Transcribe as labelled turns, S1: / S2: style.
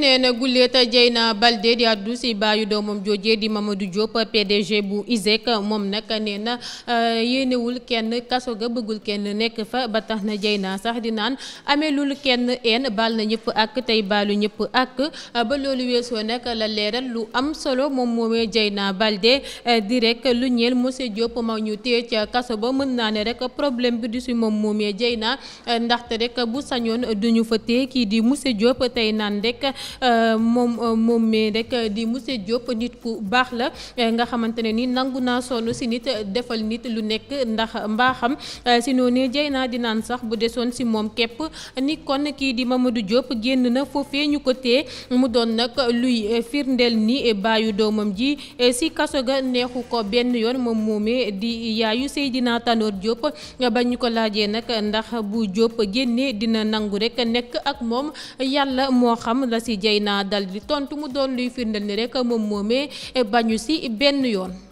S1: nee na Goulet Dieyna Baldé di àddu si baayu doomam jooje di Mamadou Diop PDG bu ISEC moom nag nee na euh, yéenewul kenn kaso ga bëggul kenn nekk fa ba tax na Dieyna sax di naan ameelul kenn een baal na ñëpp ak tey baalu ñëpp ak ba loolu nag la leeral lu am solo moom moomee Dieyna Baldé euh, di rek lu ñeel monsieur Diop ma ñu téye ca kaso ba mën naa ne rek problème bi du si moom moomee Dieyna euh, ndaxte rek bu sañoon duñu fa téye kii di monsieur Diop tey naan rek Euh, moom euh, moom mee rek di monsieur Diop nit ku baax la euh, nga xamante ne nii nangu naa sonn si nit defal nit lu nekk ndax mbaaxam si noonu jey naa di naan sax bu desoon si moom képp ni kon kii di Mamadou Diop génn na foofee ñu ko téye mu doon nag luy firndeel ni baayu doomam ji si kaso ga neexu ko benn yoon moom di yaayu Seydina Tanor Diop ba ñu ko laajee nag ndax bu Diop génnee dina nangu rek nekk ak moom yàlla moo xam la si Dieyna dal di tontu mu doon luy firndeel ni rek moom moomee bañu si benn yoon.